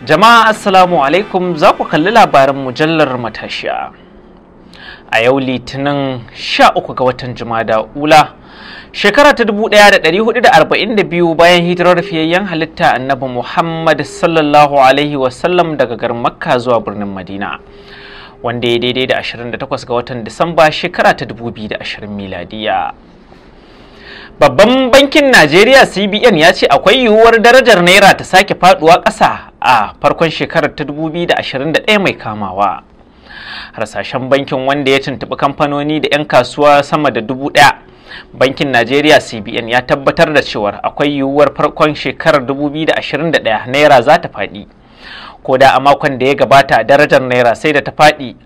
Jama'a Assalamu alaikum za ku kalli labarin mujallar matashiya. A yau litinin sha uku ga watan Jumada Ula, shekara ta biyu bayan hijirar fiyayyen halitta annabi Muhammad sallallahu Alaihi wasallam daga garin Makka zuwa birnin Madina. Wanda ya daidai da 28 ga watan Disamba shekara ta 2020 miladiya. Babban bankin Najeriya CBN ya ce akwai yiwuwar darajar Naira ta sake faduwa ƙasa a farkon shekarar ta 2021 mai kamawa. Harsashen bankin wanda ya tuntuɓi kamfanoni da 'yan kasuwa sama da dubu ɗaya. Bankin Najeriya CBN ya tabbatar da cewar akwai yiwuwar farkon shekarar 2021 Naira za ta faɗi. Ko da a makon da ya gabata darajar Naira sai da ta faɗi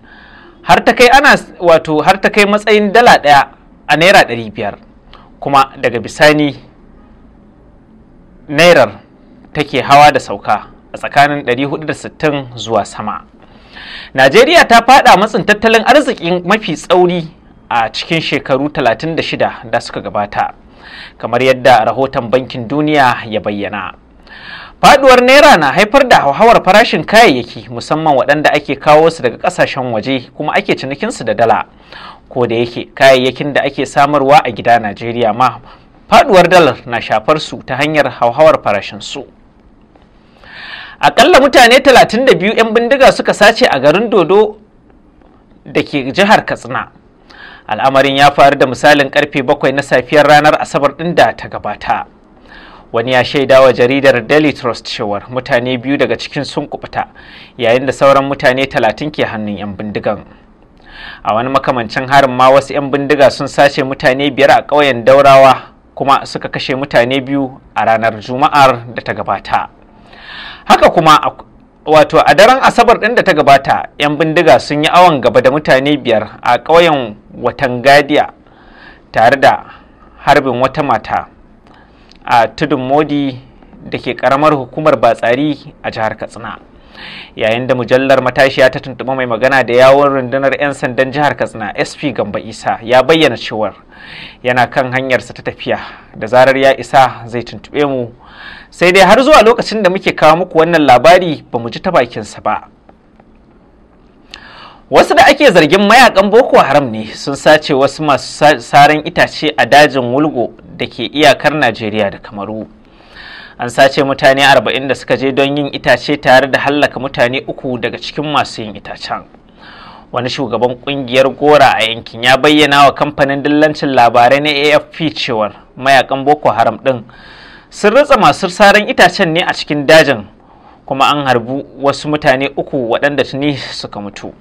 har ta kai wato har ta kai matsayin dala ɗaya a Naira ɗari biyar. kuma daga bisani naira take hawa da sauka a tsakanin 460 zuwa sama najeriya ta fada matsin tattalin arzikin mafi tsauri a cikin shekaru 36 da suka gabata kamar yadda rahoton bankin duniya ya bayyana faduwar naira na haifar da hauhawar farashin kayayyaki musamman waɗanda ake kawo su daga ƙasashen waje kuma ake cinikinsu da dala ko da yake kayayyakin da ake samarwa a gida najeriya ma faduwar dalar na shafar su ta hanyar hauhawar farashin su akalla mutane 32 'yan bindiga suka sace a garin dodo da ke jihar katsina al'amarin ya faru da misalin karfe 7 na safiyar ranar asabar din da ta gabata wani ya shaida wa jaridar daily trust cewar mutane biyu daga cikin sun kubuta yayin da sauran mutane 30 ke hannun 'yan bindigan a wani makamancin harin ma wasu 'yan bindiga sun sace mutane biyar a ƙauyen daurawa kuma suka kashe mutane biyu a ranar juma'ar da ta gabata haka kuma wato a daren asabar ɗin da ta gabata 'yan bindiga sun yi awon gaba da mutane biyar a ƙauyen watangadiya tare da harbin wata mata a tudun modi da ke ƙaramar hukumar batsari a jihar katsina yayin da mujallar matashiya ta tuntuɓa mai magana da yawon rundunar 'yan sandan jihar katsina sp gamba isa ya bayyana cewar yana kan hanyarsa ta tafiya da zarar ya isa zai tuntuɓe mu sai dai har zuwa lokacin da muke kawo muku wannan labari ba mu ji ta bakinsa ba wasu da ake zargin mayakan boko haram ne sun sace wasu masu saran itace a dajin wulgo da ke iyakar najeriya da kamaru an sace mutane arba'in da suka je don yin itace tare da hallaka mutane uku daga cikin masu yin itacen wani shugaban kungiyar gora a yankin ya bayyana wa kamfanin dillancin labarai na afp cewar mayakan boko haram din sun ritsa masu saran itacen ne a cikin dajin kuma an harbu wasu mutane uku waɗanda tuni suka mutu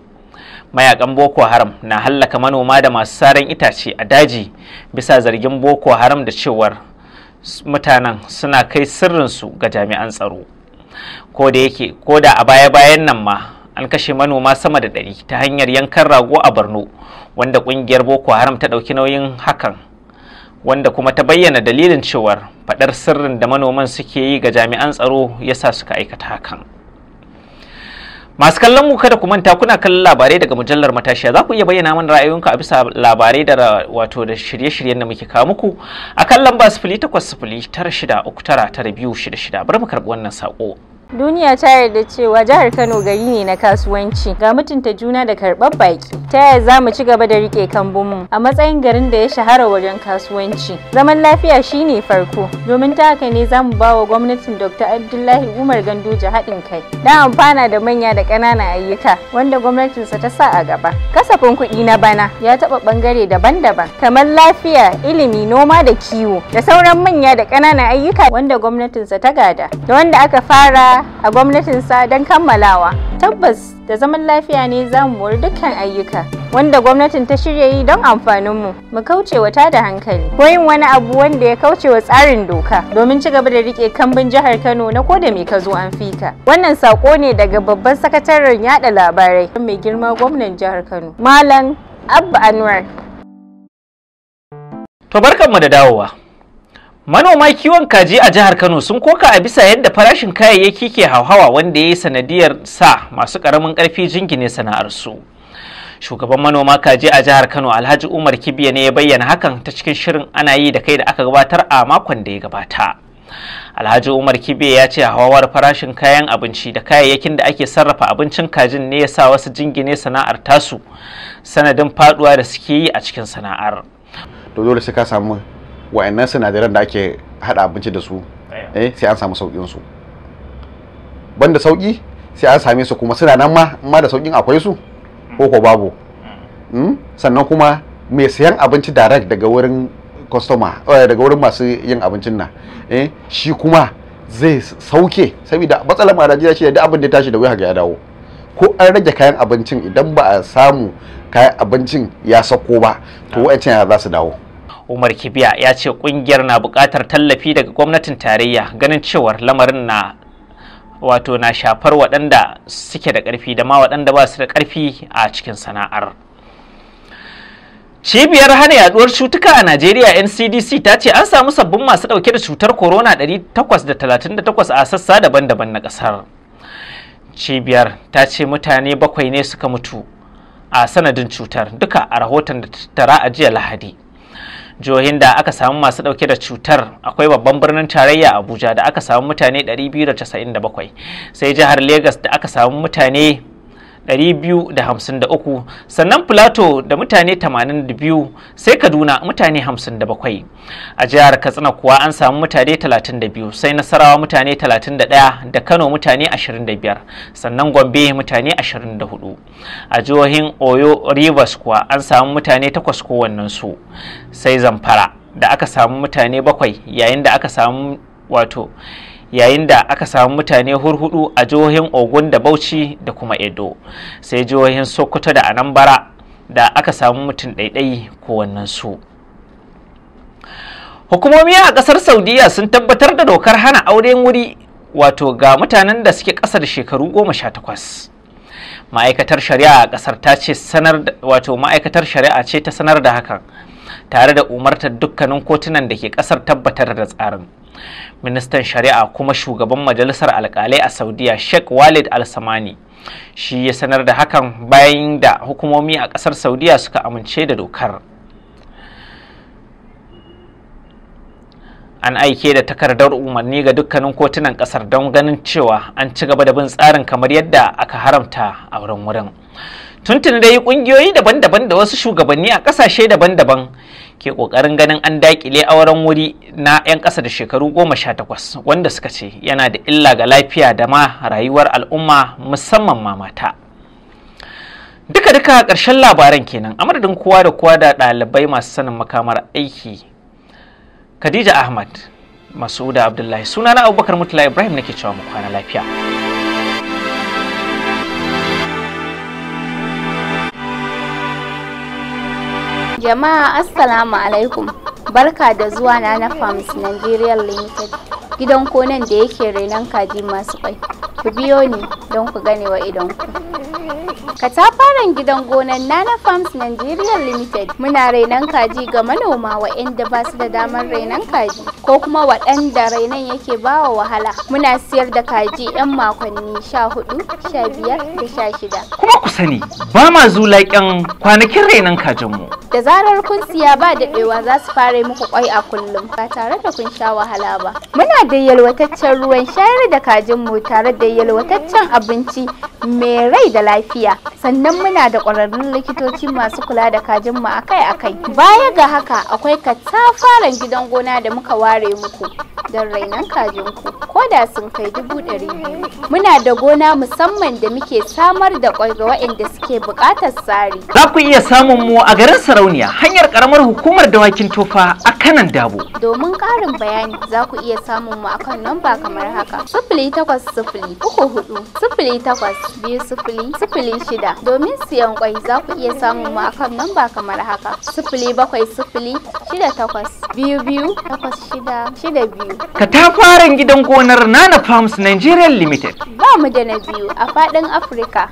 mayakan boko haram na hallaka manoma da masu saran itace a daji bisa zargin boko haram da cewar mutanen suna kai sirrinsu ga jami'an tsaro ko da yake ko da a baya-bayan nan ma an kashe manoma sama da ɗari ta hanyar yankan rago a borno wanda ƙungiyar boko haram ta ɗauki nauyin hakan wanda kuma ta bayyana dalilin cewar faɗar sirrin da manoman suke yi ga jami'an tsaro ya sa suka aikata hakan Masu kallon mu kada ku manta kuna kallon labarai daga mujallar matashiya za ku iya bayyana mana ra'ayoyinku a bisa labarai da wato da shirye-shiryen da muke kawo muku a kan lamba fili tara shida uku tara tara biyu shida shida bari mu karɓi wannan saƙo. Duniya ta yarda cewa jihar Kano gari ne na kasuwanci ga mutunta juna da karɓar baki. Ta yaya za mu ci gaba da riƙe kambunmu a matsayin garin da ya shahara wajen kasuwanci. Zaman lafiya shine farko domin ta haka ne za mu ba wa gwamnatin Dr. Abdullahi Umar Ganduje haɗin kai. Na amfana da manya da ƙananan ayyuka wanda gwamnatinsa ta sa a gaba. Kasafin kuɗi na bana ya taɓa ɓangare daban-daban kamar lafiya, ilimi, noma da kiwo da sauran manya da ƙananan ayyuka wanda gwamnatinsa ta gada da wanda aka fara a gwamnatinsa don kammalawa. Tabbas da zaman lafiya ne za mu wari dukkan ayyuka wanda gwamnatin ta shirya yi don amfaninmu mu kauce wa tada hankali ko yin wani abu wanda ya kauce wa tsarin doka domin ci gaba da rike kambin jihar Kano na ko da mai ka zo an fika. Wannan sako ne daga babban sakataren yada labarai mai girma gwamnan jihar Kano Malam Abba Anwar. To barkanmu da dawowa. Manoma kiwon kaji a jihar Kano sun koka a bisa yadda farashin kayayyaki ke hauhawa wanda ya yi sanadiyar sa masu ƙaramin ƙarfi jingine sana'arsu. Shugaban manoma kaji a jihar Kano Alhaji Umar Kibiya ne ya bayyana hakan ta cikin shirin ana yi da kai da aka gabatar a makon da ya gabata. Alhaji Umar Kibiya ya ce hauhawar farashin kayan abinci da kayayyakin da ake sarrafa abincin kajin ne ya sa wasu jingine sana'ar tasu sanadin faduwa da suke yi a cikin sana'ar. To dole sai ka samu wayannan sinadaran da ake hada abinci da su eh sai an samu saukin su banda sauki sai an same su kuma suna nan ma ma da saukin akwai su hmm. ko ko babu hmm. Hmm? sannan kuma mai sayan abinci direct daga wurin customer eh, daga wurin masu yin abincin nan eh shi kuma zai sauke saboda matsalar madajiya shi da abin da ya tashi da wuya ga ya dawo ko an rage kayan abincin idan ba a samu kayan abincin ya sauko ba to wa'ancan ya za su dawo umar kibiya ya ce kungiyar na buƙatar tallafi daga gwamnatin tarayya ganin cewar lamarin na wato na shafar waɗanda suke da ƙarfi da ma waɗanda ba su da ƙarfi a cikin sana'ar cibiyar hana yaduwar cutuka a najeriya ncdc ta ce an samu sabbin masu ɗauke da cutar corona 838 a sassa daban-daban na ƙasar cibiyar ta ce mutane bakwai ne suka mutu a sanadin cutar duka a rahoton da tattara a jiya lahadi jihohin da aka samu masu dauke da cutar akwai babban birnin tarayya abuja da aka samu mutane 297 sai jihar lagos da aka samu mutane 253 sannan plateau da mutane 82 sai kaduna mutane 57 a jihar katsina kuwa an samu mutane 32 sai nasarawa mutane 31 da kano mutane 25 sannan gombe mutane 24 a jihohin oyo rivers kuwa an samu mutane 8 kowannensu sai zamfara da aka samu mutane 7 yayin da aka samu wato yayin da aka samu mutane hurhudu a jihohin ogun da bauchi da kuma edo sai jihohin sokoto da anambra da aka samu mutum ɗaiɗai kowannen su hukumomi a ƙasar saudiya sun tabbatar da dokar hana auren wuri wato ga mutanen da suke ƙasa da shekaru goma sha takwas ma'aikatar shari'a a ƙasar ta ce sanar wato ma'aikatar shari'a ce ta sanar da hakan tare da umartar dukkanin kotunan da ke kasar tabbatar da tsarin ministan shari'a kuma shugaban majalisar alkalai a saudiya sheikh walid al-samani shi ya sanar da hakan bayan da hukumomi a kasar saudiya suka amince da dokar an aike da takardar umarni ga dukkanin kotunan kasar don ganin cewa an ci gaba da bin tsarin kamar yadda aka haramta a wurin wurin tuntun dai kungiyoyi daban-daban da wasu shugabanni a kasashe daban-daban ke kokarin ganin an dakile auren wuri na 'yan ƙasa da shekaru goma sha takwas wanda suka ce yana da illa ga lafiya da ma rayuwar al'umma musamman ma mata duka-duka ƙarshen labaran kenan a kowa da kowa da ɗalibai masu sanin makamar aiki Khadija Ahmad, Masuda Abdullahi, sunana Abubakar mutala Ibrahim nake cewa mu kwana lafiya. Jama'a Assalamu alaikum. Barka da zuwa na na Farms Nigeria Limited. Gidan konan da yake renon kaji masu kwai. ku biyo ni don ku gane wa ku Katafaren gidan gonan Nana Farms Nigeria Limited muna rainan kaji ga manoma waɗanda ba su da damar rainan kaji ko kuma waɗanda rainan yake ba wa wahala. Muna siyar da kaji 'yan makonni 14, 15 da 16. Kuma ku sani ba ma zulaƙen kwanakin rainon kajinmu. Da zarar kun siya ba daɗewa za su fara muku kwai a kullum ba tare da kun sha wahala ba. Muna da yalwataccen ruwan shayar da kajinmu tare da yalwataccen abinci mai rai da lafiya sannan muna da ƙwararrun likitoci masu kula da kajin mu akai-akai baya ga haka akwai katafaren gidan gona da muka ware muku don rainon kajinku koda sun kai dubu ɗari muna da gona musamman da muke samar da kwai ga waɗanda suke buƙatar tsari za ku iya samun mu a garin sarauniya hanyar karamar hukumar dawakin tofa a kanan dabo domin ƙarin bayani za ku iya samun mu akan namba kamar haka sifili takwas sufuli uku hudu sifili takwas biyu sufuli sufuli shida domin siyan kwai za ku iya samun mu akan namba kamar haka sifili bakwai sufuli shida takwas biyu biyu takwas shida shida biyu ka ta gidan gona kamfanin Nana Farms Nigeria Limited. Ba mu da na biyu a faɗin Afirka.